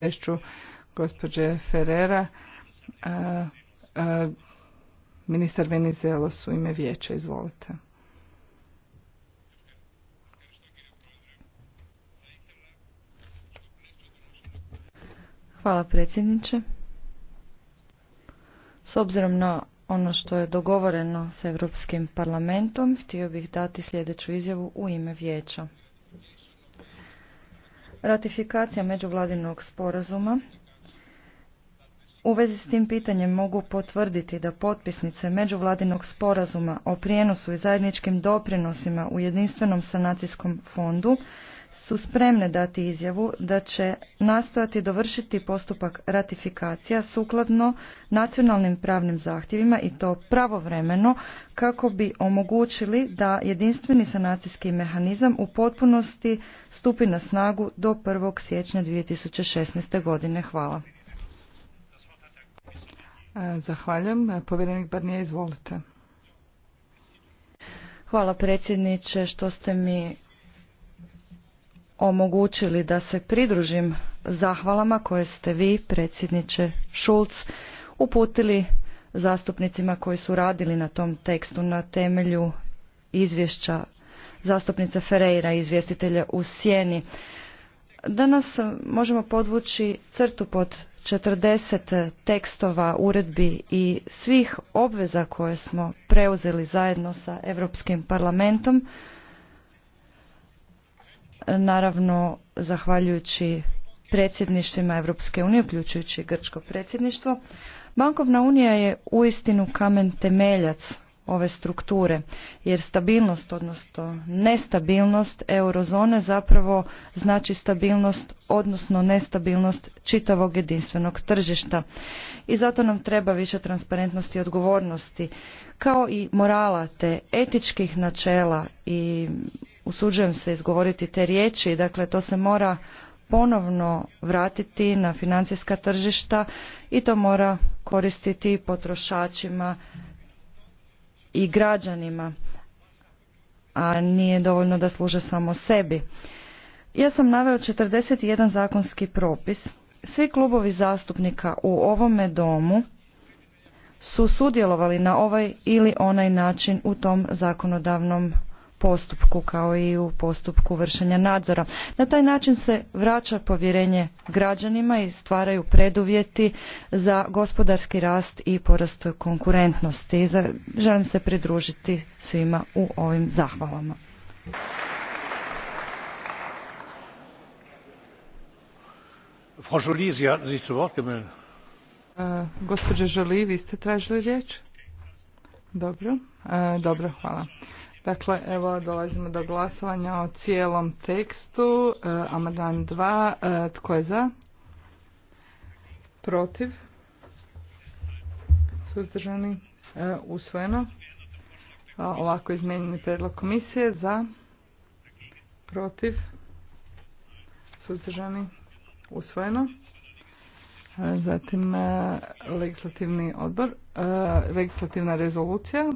izvješću gospođe Ferrera. Ministar Venizelos u ime vijeća, izvolite. Hvala predsjedniče. S obzirom na ono što je dogovoreno s Europskim parlamentom, htio bih dati sljedeću izjavu u ime vijeća. Ratifikacija međuvladinog sporazuma u vezi s tim pitanjem mogu potvrditi da potpisnice međuvladinog sporazuma o prijenosu i zajedničkim doprinosima u jedinstvenom sanacijskom fondu su spremne dati izjavu da će nastojati dovršiti postupak ratifikacija sukladno nacionalnim pravnim zahtjevima i to pravovremeno kako bi omogućili da jedinstveni sanacijski mehanizam u potpunosti stupi na snagu do 1. siječnja 2016. godine. Hvala. E, zahvaljujem. E, povjerenik Barnije, izvolite. Hvala predsjedniče što ste mi omogućili da se pridružim zahvalama koje ste vi, predsjedniče Šulc, uputili zastupnicima koji su radili na tom tekstu na temelju izvješća zastupnice Ferreira izvjestitelja u Sjeni. Danas možemo podvući crtu pod 40 tekstova, uredbi i svih obveza koje smo preuzeli zajedno sa Europskim parlamentom Naravno, zahvaljujući predsjedništvima Europske unije, uključujući grčko predsjedništvo, Bankovna unija je uistinu kamen temeljac ove strukture jer stabilnost odnosno nestabilnost eurozone zapravo znači stabilnost odnosno nestabilnost čitavog jedinstvenog tržišta i zato nam treba više transparentnosti i odgovornosti kao i morala te etičkih načela i usuđujem se izgovoriti te riječi dakle to se mora ponovno vratiti na financijska tržišta i to mora koristiti potrošačima i građanima, a nije dovoljno da služe samo sebi. Ja sam naveo 41 zakonski propis. Svi klubovi zastupnika u ovome domu su sudjelovali na ovaj ili onaj način u tom zakonodavnom postupku kao i u postupku vršenja nadzora. Na taj način se vraća povjerenje građanima i stvaraju preduvjeti za gospodarski rast i porast konkurentnosti. Želim se pridružiti svima u ovim zahvalama. Frau Jolie, sich zu Wort gemeldet. E, vi ste tražili riječ? Dobro, e, dobro, hvala. Dakle, evo dolazimo do glasovanja o cijelom tekstu. E, Amadan 2. E, tko je za? Protiv? Suzdržani? E, usvojeno. Ovako izmijenjeni predlog komisije. Za? Protiv? Suzdržani? Usvojeno. E, zatim e, legislativni odbor, legislativna rezolucija,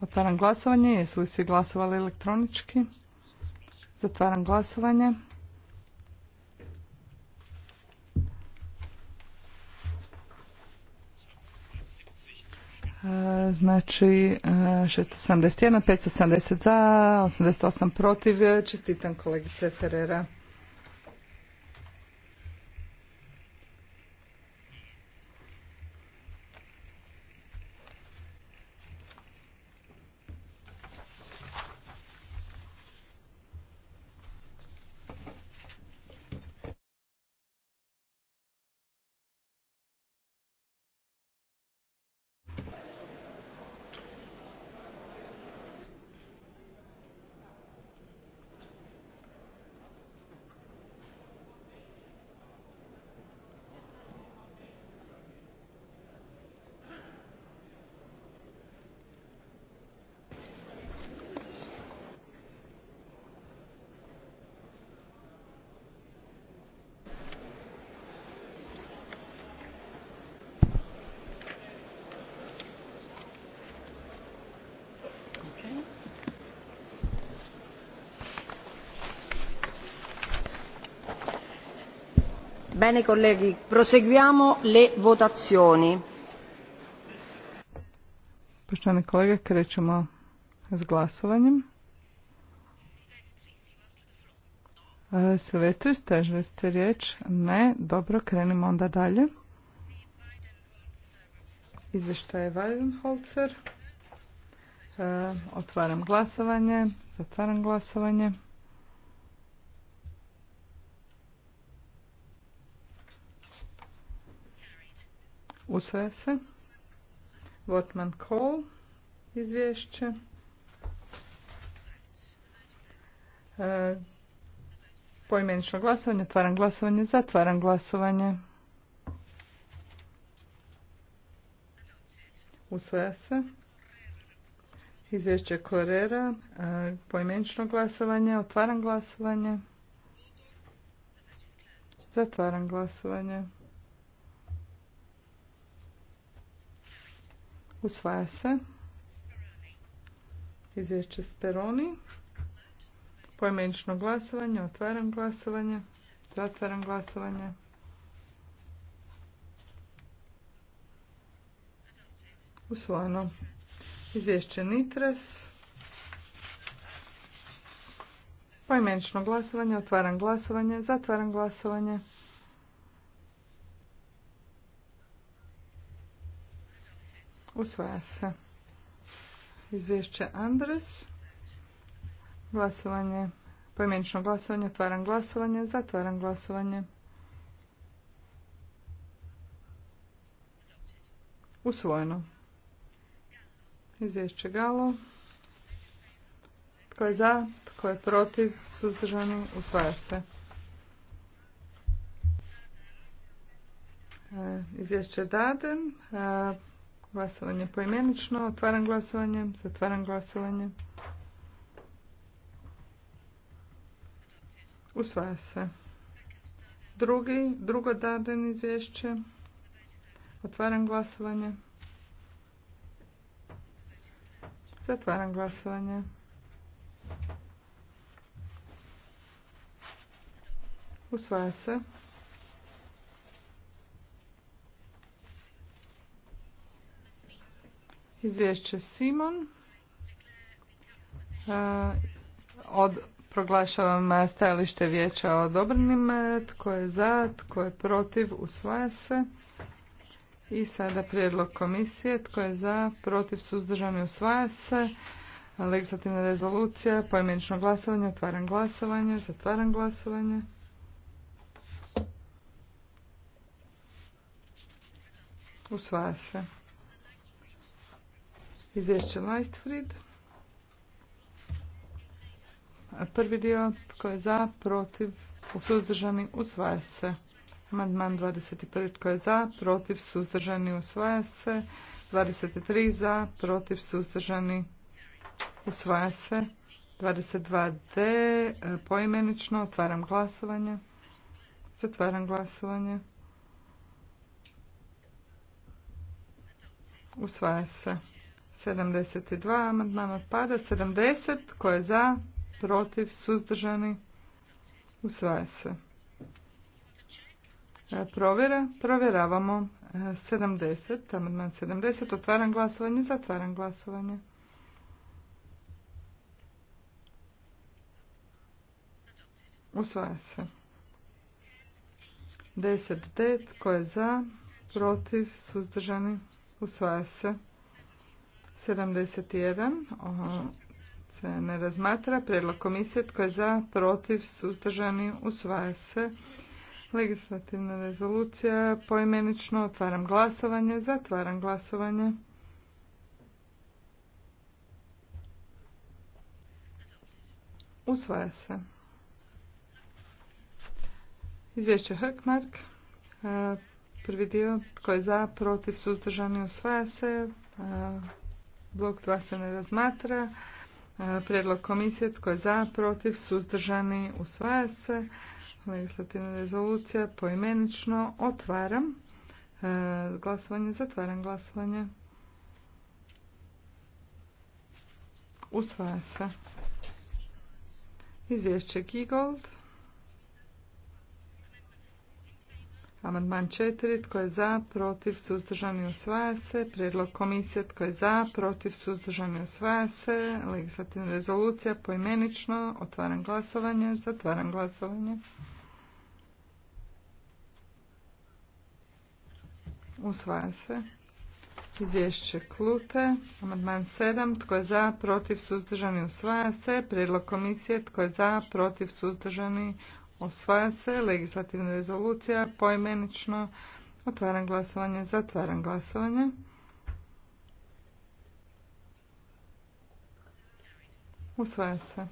Otvaram glasovanje. Jesu li svi glasovali elektronički? Zatvaram glasovanje. E, znači 671, e, 570 za, 88 protiv. Čestitam kolegice Ferrera. Bene colleghi, proseguiamo le votazioni. Poštovani kolege, krećemo s glasovanjem. E, Silvestris, tražili ste riječ? Ne. Dobro, krenimo onda dalje. Izvještaj Weidenholzer. E, otvaram glasovanje. Zatvaram glasovanje. Usvaja se. Votman Call izvješće. E, Pojmenično glasovanje, otvaram glasovanje, zatvaram glasovanje. Usvaja se. Izvješće Korera, e, glasovanje, otvaram glasovanje. Zatvaram glasovanje. Usvaja se. Izvješće Speroni. Pojmenično glasovanje. Otvaram glasovanje. Zatvaram glasovanje. Usvojeno. Izvješće Nitres. Poimenično glasovanje. Otvaram glasovanje. Zatvaram glasovanje. Usvaja se. Izvješće Andres. Glasovanje, pojmenično glasovanje, otvaram glasovanje, zatvaram glasovanje. Usvojeno. Izvješće Galo. Tko je za, tko je protiv, suzdržani, usvaja se. E, izvješće Daden. E, Glasovanje poimenično. Otvaram glasovanje. Zatvaram glasovanje. Usvaja se. Drugi, drugo Darden izvješće. Otvaram glasovanje. Zatvaram glasovanje. Usvaja se. Izvješće Simon. E, od, proglašavam stajalište vijeća odobrenim. E, tko je za, tko je protiv, usvaja se. I sada prijedlog komisije. Tko je za, protiv, i usvaja se. Legislativna rezolucija, pojmenično glasovanje, otvaram glasovanje, zatvaram glasovanje. Usvaja se. Izvješće Leistfried. Prvi dio tko je za, protiv, suzdržani, usvaja se. Amandman 21. Tko je za, protiv, suzdržani, usvaja se. 23. Za, protiv, suzdržani, usvaja se. 22D, poimenično, otvaram glasovanje. Otvaram glasovanje. Usvaja se. 72 amandman otpada. 70 koje je za, protiv, suzdržani, usvaja se. Provjera, provjeravamo 70, amandman 70, otvaram glasovanje, zatvaram glasovanje. Usvaja se. 10 det, tko je za, protiv, suzdržani, usvaja se. 71. Oho, se ne razmatra. Prijedlog komisije tko je za, protiv, suzdržani, usvaja se. Legislativna rezolucija poimenično otvaram glasovanje, zatvaram glasovanje. Usvaja se. Izvješće Hrkmark. E, prvi dio tko je za, protiv, suzdržani, usvaja se. E, Blok 2 se ne razmatra. E, prijedlog komisije tko je za, protiv, suzdržani, usvaja se. Legislativna rezolucija poimenično otvaram. E, glasovanje zatvaram glasovanje. Usvaja se. Izvješće Gigold. Amandman 4. Tko je za, protiv, suzdržani, usvaja se. Prijedlog komisije. Tko je za, protiv, suzdržani, usvaja se. Legislativna rezolucija poimenično. Otvaram glasovanje. Zatvaram glasovanje. Usvaja se. Izvješće klute. Amandman 7. Tko je za, protiv, suzdržani, usvaja se. Prijedlog komisije. Tko je za, protiv, suzdržani, Usvaja se legislativna rezolucija poimenično. Otvaram glasovanje, zatvaram glasovanje. Usvaja se.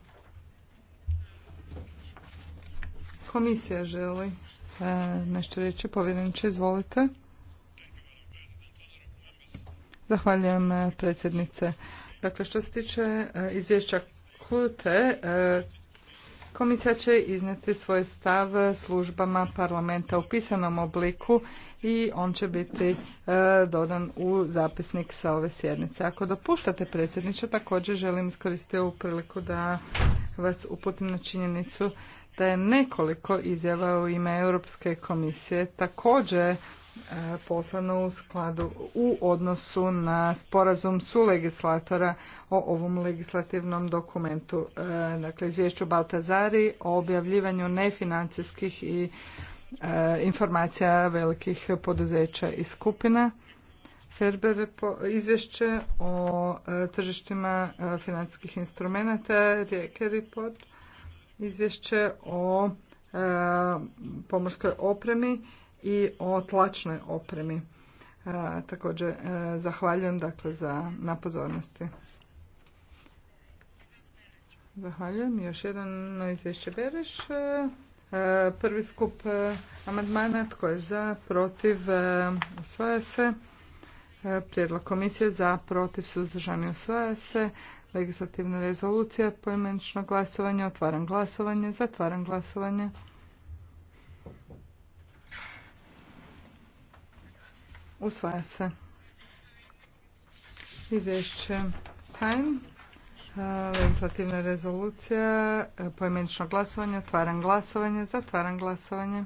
Komisija želi e, nešto reći. povjerenči. izvolite. Zahvaljujem e, predsjednice. Dakle, što se tiče e, izvješća KUTE... Komisija će iznijeti svoj stav službama parlamenta u pisanom obliku i on će biti e, dodan u zapisnik sa ove sjednice. Ako dopuštate predsjedniče, također želim iskoristiti ovu priliku da vas uputim na činjenicu da je nekoliko izjava u ime Europske komisije također e, poslano u skladu u odnosu na sporazum su legislatora o ovom legislativnom dokumentu. E, dakle, izvješću Baltazari o objavljivanju nefinancijskih i e, informacija velikih poduzeća i skupina. Ferber izvješće o e, tržištima e, financijskih instrumenata, Rijeke report, izvješće o e, pomorskoj opremi i o tlačnoj opremi. Također zahvaljujem dakle za na pozornosti. Zahvaljujem. Još jedan izvješće Bereš. Prvi skup amandmana, tko je za, protiv, osvaja se. Prijedlog komisije za protiv suzdržani usvaja se. Legislativna rezolucija, poimenično glasovanje, otvaram glasovanje, zatvaram glasovanje. Usvaja se. Izvješće Time. Legislativna rezolucija, poimenično glasovanje, otvaram glasovanje, zatvaram glasovanje.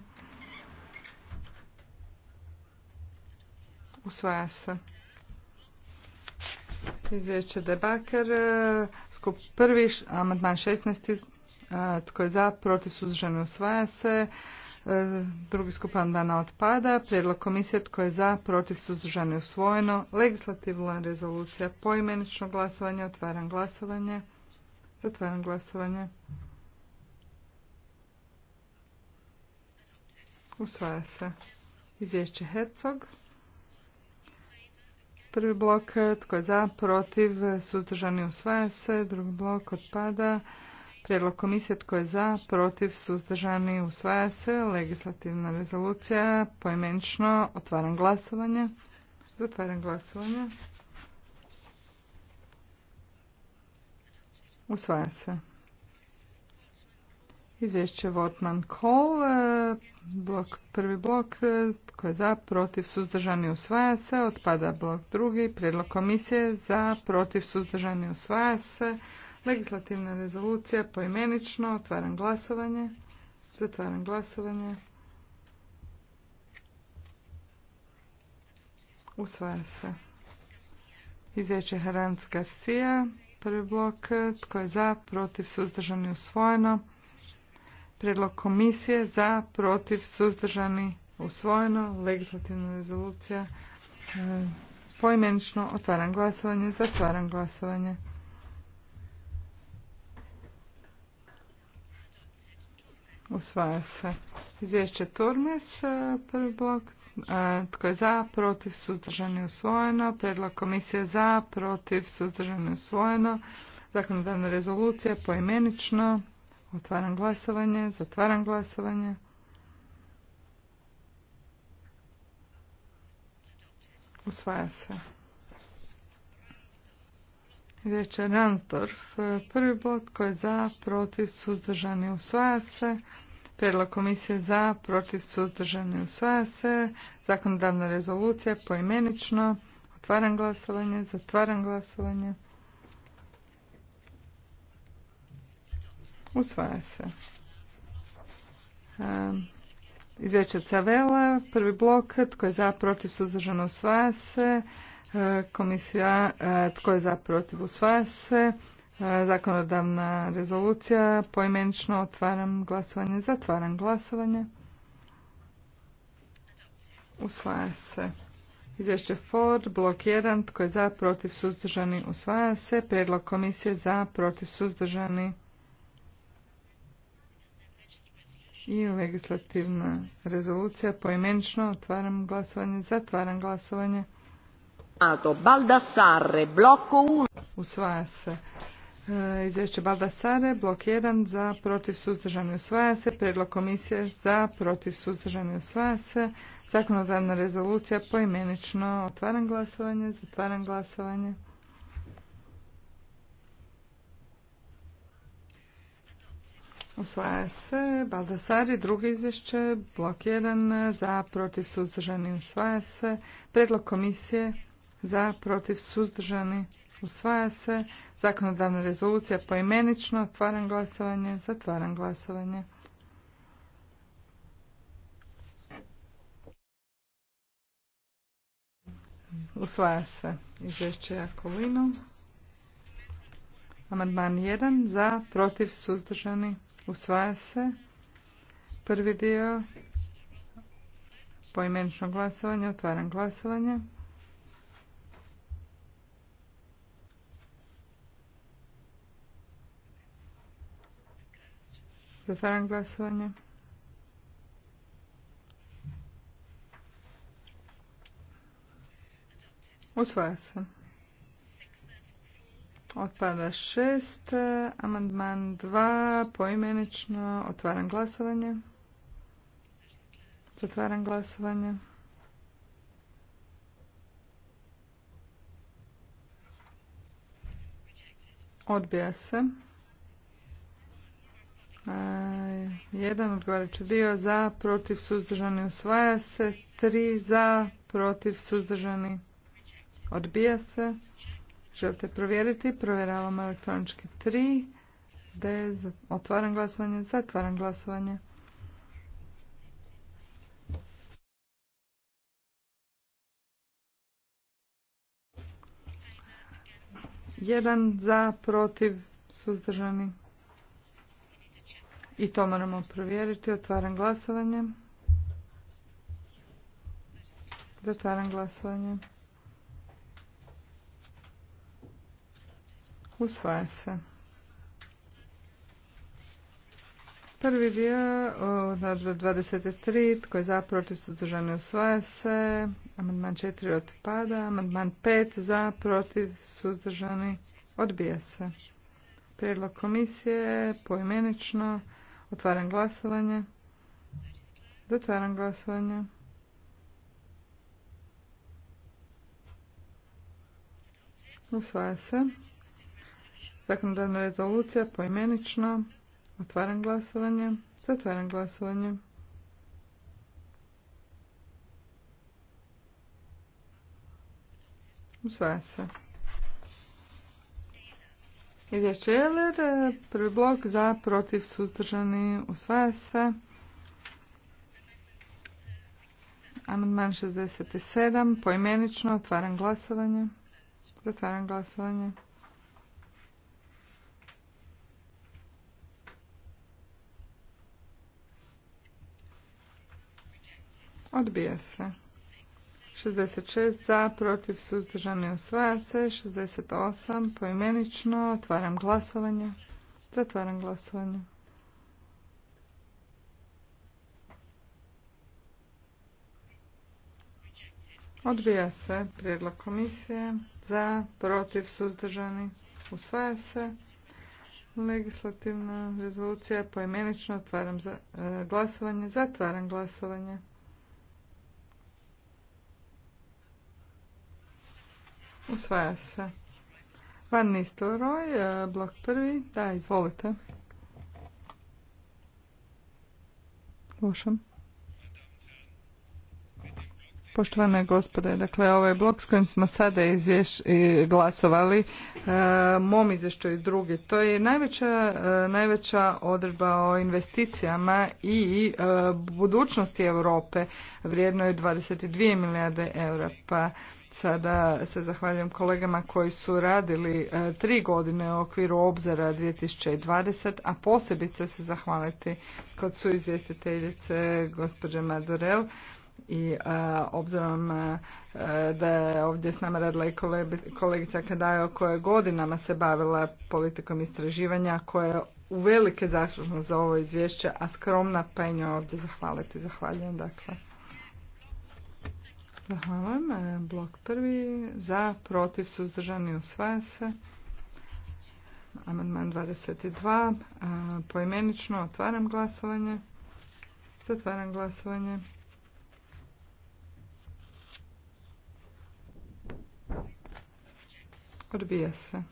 Usvaja se. Izvješće Debaker. E, skup prvi, amandman 16. E, tko je za, protiv suzdržani usvaja se. E, drugi skup amandmana otpada. Prijedlog komisije tko je za, protiv je usvojeno. Legislativna rezolucija poimenično glasovanje. Otvaram glasovanje. Zatvaram glasovanje. Usvaja se. Izvješće Hercog. Prvi blok tko je za, protiv, suzdržani usvaja se. Drugi blok otpada. Prijedlog komisije tko je za, protiv, suzdržani usvaja se. Legislativna rezolucija poimenično. Otvaram glasovanje. Zatvaram glasovanje. Usvaja se. Izvješće Votman Call, e, blok, prvi blok e, koji je za, protiv, suzdržani, usvaja se, otpada blok drugi, prijedlog komisije za, protiv, suzdržani, usvaja se, legislativna rezolucija poimenično, otvaram glasovanje, zatvaram glasovanje, usvaja se. Izvješće Haranc Garcia, prvi blok, tko je za, protiv, suzdržani, usvojeno, Prijedlog komisije za, protiv, suzdržani, usvojeno. Legislativna rezolucija. E, poimenično otvaram glasovanje, zatvaram glasovanje. Usvaja se. Izvješće TURMIS, e, prvi blok. E, tko je za, protiv, suzdržani, usvojeno. Predlog komisije za, protiv, suzdržani, usvojeno. Zakonodavna rezolucija poimenično. Otvaram glasovanje, zatvaram glasovanje. Usvaja se. je Ransdorf. Prvi bod koji je za, protiv, suzdržani, usvaja se. Prijedlog komisije za, protiv, suzdržani, usvaja se. Zakonodavna rezolucija poimenično. Otvaram glasovanje, zatvaram glasovanje. Usvaja se. Ehm, izvješće Cavela, prvi blok, tko je za, protiv, suzdržano, usvaja se. Ehm, komisija, ehm, tko je za, protiv, usvaja se. Zakonodavna rezolucija, poimenično otvaram glasovanje, zatvaram glasovanje. Usvaja se. Izvješće Ford, blok 1, tko je za, protiv, suzdržani, usvaja se. Predlog komisije za, protiv, suzdržani, i legislativna rezolucija poimenično otvaram glasovanje zatvaram glasovanje Baldassare, bloko 1. Usvaja se. E, izvješće Baldassare, blok 1, za, protiv, suzdržani, usvaja se. Predlog komisije, za, protiv, suzdržani, usvaja se. Zakonodavna rezolucija, poimenično, otvaram glasovanje, zatvaram glasovanje. Usvaja se. Baldasari, drugo izvješće, blok 1, za, protiv, suzdržani, usvaja se. Predlog komisije, za, protiv, suzdržani, usvaja se. Zakonodavna rezolucija, poimenično, otvaram glasovanje, zatvaram glasovanje. Usvaja se izvješće Jakolino. Amandman 1, za, protiv, suzdržani, Usvaja se. Prvi dio poimenično glasovanje. Otvaram glasovanje. Zatvaram glasovanje. Usvaja se. Otpada šest. Amandman dva. Poimenično. Otvaram glasovanje. Otvaram glasovanje. Odbija se. E, jedan odgovarajući dio za, protiv, suzdržani, usvaja se. Tri za, protiv, suzdržani, odbija se. Želite provjeriti? Provjeravamo elektronički 3. D. Otvaram glasovanje. Zatvaram glasovanje. Jedan za, protiv, suzdržani. I to moramo provjeriti. Otvaram glasovanje. Zatvaram glasovanje. Usvaja se. Prvi dio od 23, tko je za, protiv, suzdržani, usvaja se. Amandman 4 otpada. Amandman 5 za, protiv, suzdržani, odbija se. Prijedlog komisije poimenično. Otvaram glasovanje. Zatvaram glasovanje. Usvaja se. Zakonodavna rezolucija poimenično. Otvaram glasovanje. Zatvaram glasovanje. Usvaja se. Izvješće Jeler, prvi blok za, protiv, suzdržani, usvaja se. Amandman 67, poimenično, otvaram glasovanje. Zatvaram glasovanje. Odbija se. 66 za, protiv, suzdržani, usvaja se. 68 poimenično. Otvaram glasovanje. Zatvaram glasovanje. Odbija se prijedlog komisije za, protiv, suzdržani, usvaja se. Legislativna rezolucija poimenično otvaram e, glasovanje, zatvaram glasovanje. Usvaja se. Van Nistelrooy, e, blok prvi. Da, izvolite. Slušam. Poštovane gospode, dakle ovaj blok s kojim smo sada izvješ, glasovali, e, mom izvješću i drugi, to je najveća, e, najveća odredba o investicijama i budućnosti Europe je 22 milijarde eura. Pa Sada se zahvaljujem kolegama koji su radili e, tri godine u okviru obzora 2020, a posebice se zahvaliti kod su izvjestiteljice gospođe Madurel i e, obzirom e, da je ovdje s nama radila i kolegica Kadajo koja je godinama se bavila politikom istraživanja koja je uvelike zaslužna za ovo izvješće, a skromna pa ovdje zahvaliti. Zahvaljujem dakle vam. E, blok prvi za, protiv, suzdržani, usvaja se. Amandman 22. E, poimenično otvaram glasovanje. Zatvaram glasovanje. Odbija se.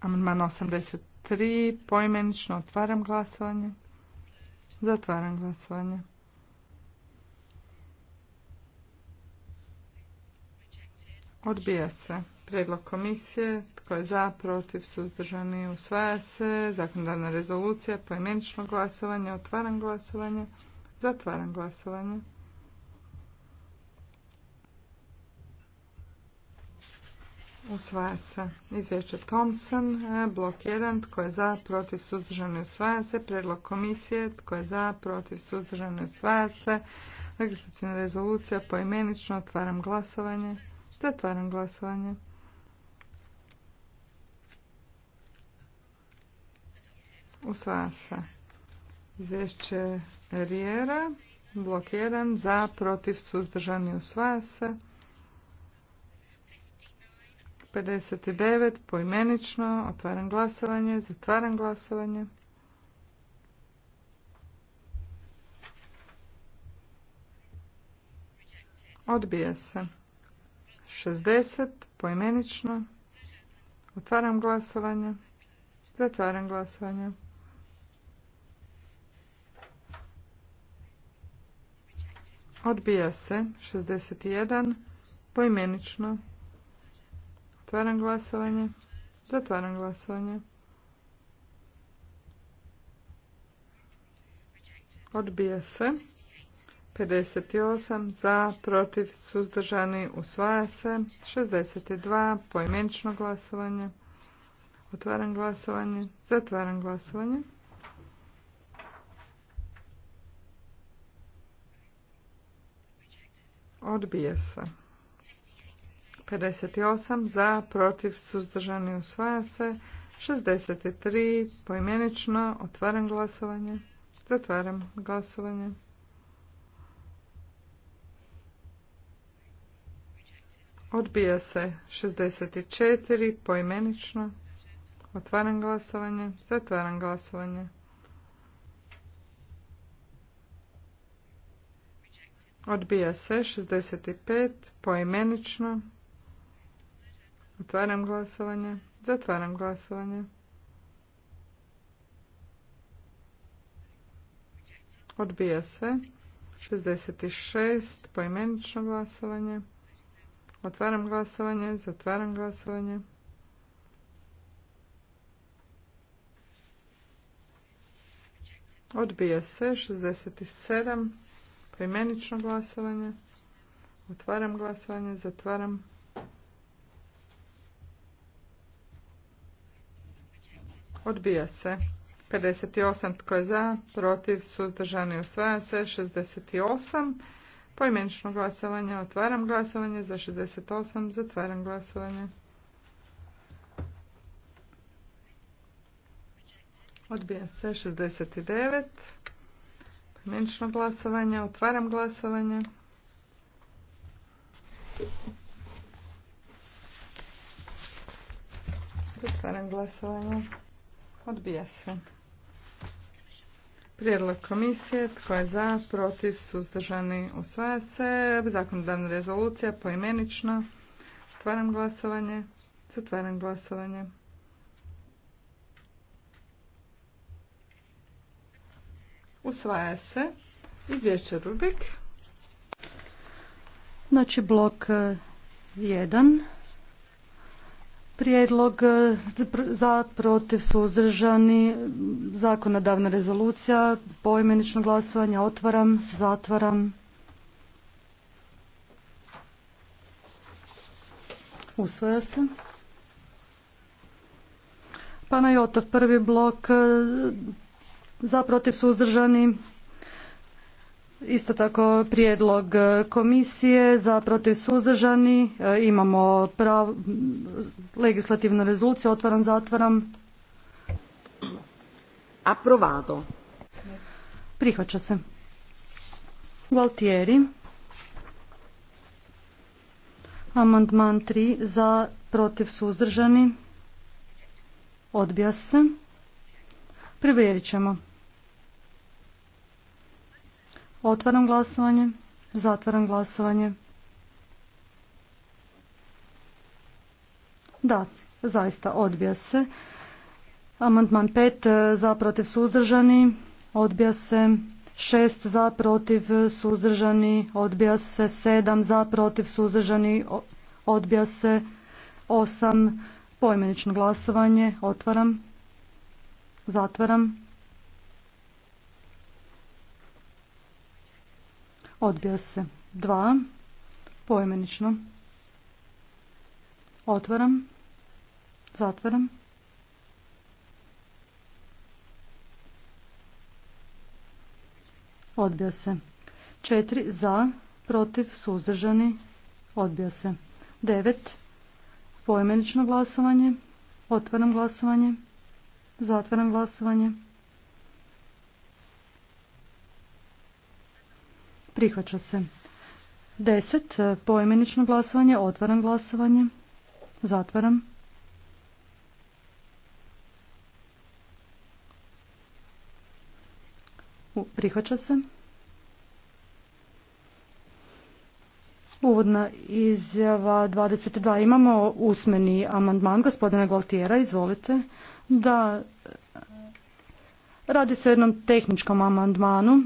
Amandman 83. Poimenično otvaram glasovanje. Zatvaram glasovanje. Odbija se. Predlog komisije, tko je za, protiv, suzdržani, usvaja se. Zakonodavna rezolucija, poimenično glasovanje, otvaram glasovanje, zatvaram glasovanje. Usvaja se. Izvješće Thompson, e, blok 1, tko je za, protiv, suzdržani, usvaja se. Predlog komisije, tko je za, protiv, suzdržani, usvaja se. Legislativna rezolucija, poimenično, otvaram glasovanje. Zatvaram glasovanje. Usvaja se. Izvješće Rijera. 1. Za, protiv, suzdržani. Usvaja se. 59. Poimenično. Otvaram glasovanje. Zatvaram glasovanje. Odbija se. 60 poimenično. Otvaram glasovanje. Zatvaram glasovanje. Odbija se 61 poimenično. Otvaram glasovanje. Zatvaram glasovanje. Odbija se 58 za, protiv, suzdržani, usvaja se. 62 pojmenično glasovanje. Otvaram glasovanje, zatvaram glasovanje. Odbije se. 58 za, protiv, suzdržani, usvaja se. 63 poimenično, otvaram glasovanje, zatvaram glasovanje. Odbija se 64 poimenično. Otvaram glasovanje. Zatvaram glasovanje. Odbija se 65 poimenično. Otvaram glasovanje. Zatvaram glasovanje. Odbija se 66 poimenično glasovanje. Otvaram glasovanje, zatvaram glasovanje. Odbija se 67 poimenično glasovanje. Otvaram glasovanje, zatvaram. Odbija se. 58 tko je za, protiv, suzdržani, usvaja se. 68 Poimenično glasovanje. Otvaram glasovanje za 68. Zatvaram glasovanje. Odbija se 69. Poimenično glasovanje. Otvaram glasovanje. Zatvaram glasovanje. Odbija se. Prijedlog komisije, tko je za, protiv, suzdržani, usvaja se. Zakonodavna rezolucija, poimenično. Otvaram glasovanje. Zatvaram glasovanje. Usvaja se. Izvješće Rubik. Znači blok 1. Eh, Prijedlog e, za protiv suzdržani zakonodavna rezolucija poimenično glasovanje otvaram zatvaram usvoja se Panajotov prvi blok e, za protiv suzdržani Isto tako prijedlog e, komisije za protiv suzdržani. E, imamo prav, legislativnu rezoluciju. Otvaram, zatvaram. Aprovado. Prihvaća se. Gualtieri. Amandman 3 za protiv suzdržani. Odbija se. Privjerit ćemo. Otvaram glasovanje. Zatvaram glasovanje. Da, zaista odbija se. Amandman 5 e, za protiv suzdržani, odbija se 6 za protiv suzdržani, odbija se 7 za protiv suzdržani, odbija se 8 pojmenično glasovanje, otvaram, zatvaram. Odbija se. 2. Poimenično. Otvaram. Zatvaram. Odbija se. 4. Za. Protiv. Suzdržani. Odbija se. 9. Poimenično glasovanje. Otvaram glasovanje. Zatvaram glasovanje. Prihvaća se. 10. E, poimenično glasovanje. Otvaram glasovanje. Zatvaram. Prihvaća se. Uvodna izjava 22. Imamo usmeni amandman gospodina Goltijera. Izvolite. Da, e, radi se o jednom tehničkom amandmanu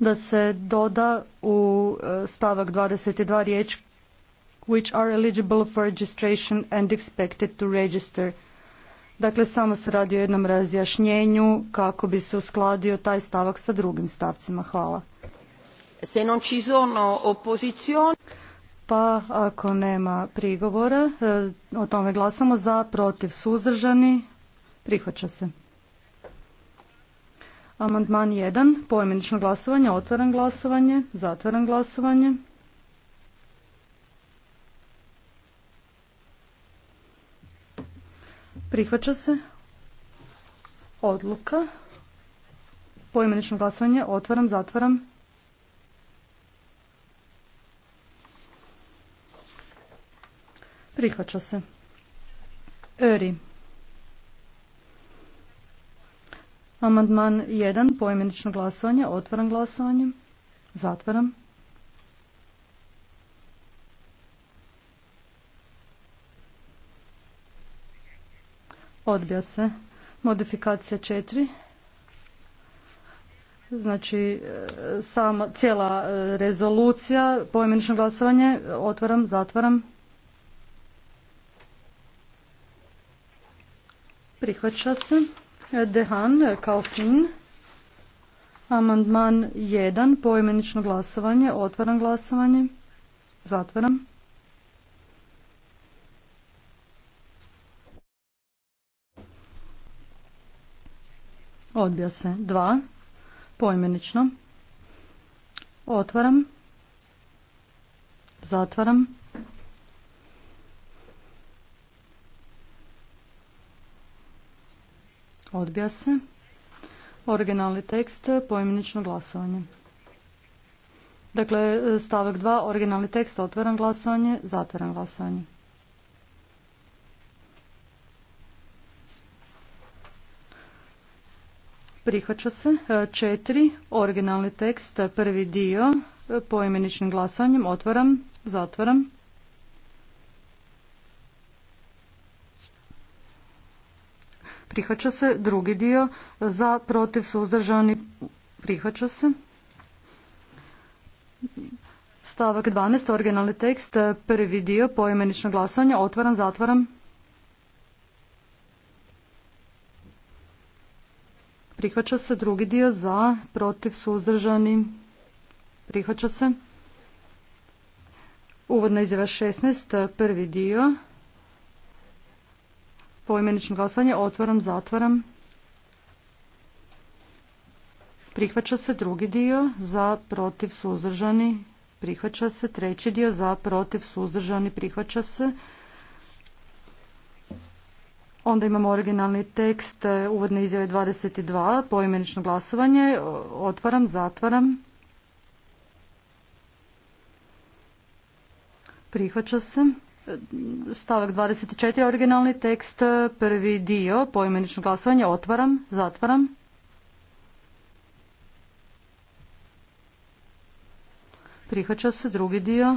da se doda u e, stavak 22 riječ which are eligible for registration and expected to register. Dakle, samo se radi o jednom razjašnjenju kako bi se uskladio taj stavak sa drugim stavcima. Hvala. Se non ci sono opposizioni. Pa ako nema prigovora, e, o tome glasamo za, protiv, suzdržani, prihvaća se. Amandman 1. Poimenično glasovanje. Otvaram glasovanje. Zatvaram glasovanje. Prihvaća se odluka. Poimenično glasovanje. Otvaram, zatvaram. Prihvaća se. Öri. Amandman 1, poimenično glasovanje, otvaram glasovanje, zatvaram. Odbija se. Modifikacija 4. Znači, e, sama, cijela e, rezolucija, poimenično glasovanje, otvaram, zatvaram. Prihvaća se. Dehan, Kalfin. Amandman 1, poimenično glasovanje. Otvaram glasovanje. Zatvaram. Odbija se. 2, poimenično. Otvaram. Zatvaram. Odbija se. Originalni tekst, poimenično glasovanje. Dakle, stavak 2, originalni tekst, otvoran glasovanje, zatvoran glasovanje. Prihvaća se. Četiri, originalni tekst, prvi dio, poimeničnim glasovanjem, otvaram, zatvaram. Prihvaća se. Drugi dio za protiv suzdržani prihvaća se. Stavak 12. Originalni tekst. Prvi dio poimenično glasanje. Otvaram, zatvaram. Prihvaća se drugi dio za, protiv, suzdržani. Prihvaća se. Uvodna izjava 16. Prvi dio poimenično glasovanje. Otvaram, zatvaram. Prihvaća se drugi dio za protiv suzdržani. Prihvaća se treći dio za protiv suzdržani. Prihvaća se. Onda imamo originalni tekst e, uvodne izjave 22, poimenično glasovanje. Otvaram, zatvaram. Prihvaća se. Stavak 24. Originalni tekst. Prvi dio. Poimenično glasovanje. Otvaram. Zatvaram. Prihvaća se drugi dio.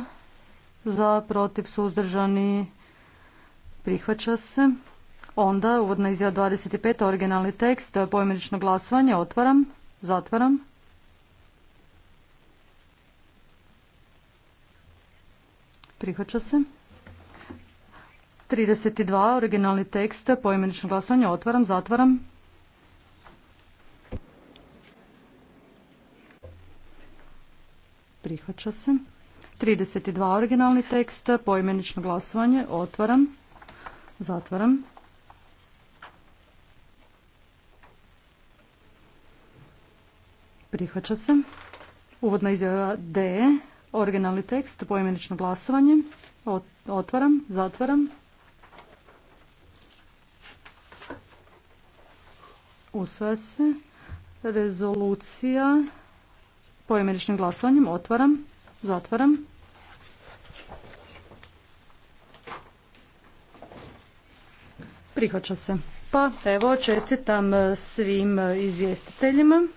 Za, protiv, suzdržani. Prihvaća se. Onda uvodna izjava 25. Originalni tekst. Poimenično glasovanje. Otvaram. Zatvaram. Prihvaća se. 32, originalni tekst, poimenično glasovanje, otvaram, zatvaram. Prihvaća se. 32, originalni tekst, poimenično glasovanje, otvaram, zatvaram. Prihvaća se. Uvodna izjava D, originalni tekst, poimenično glasovanje, otvaram, zatvaram. Usvaja se. Rezolucija poimeničnim glasovanjem. Otvaram. Zatvaram. Prihvaća se. Pa evo čestitam eh, svim eh, izvjestiteljima.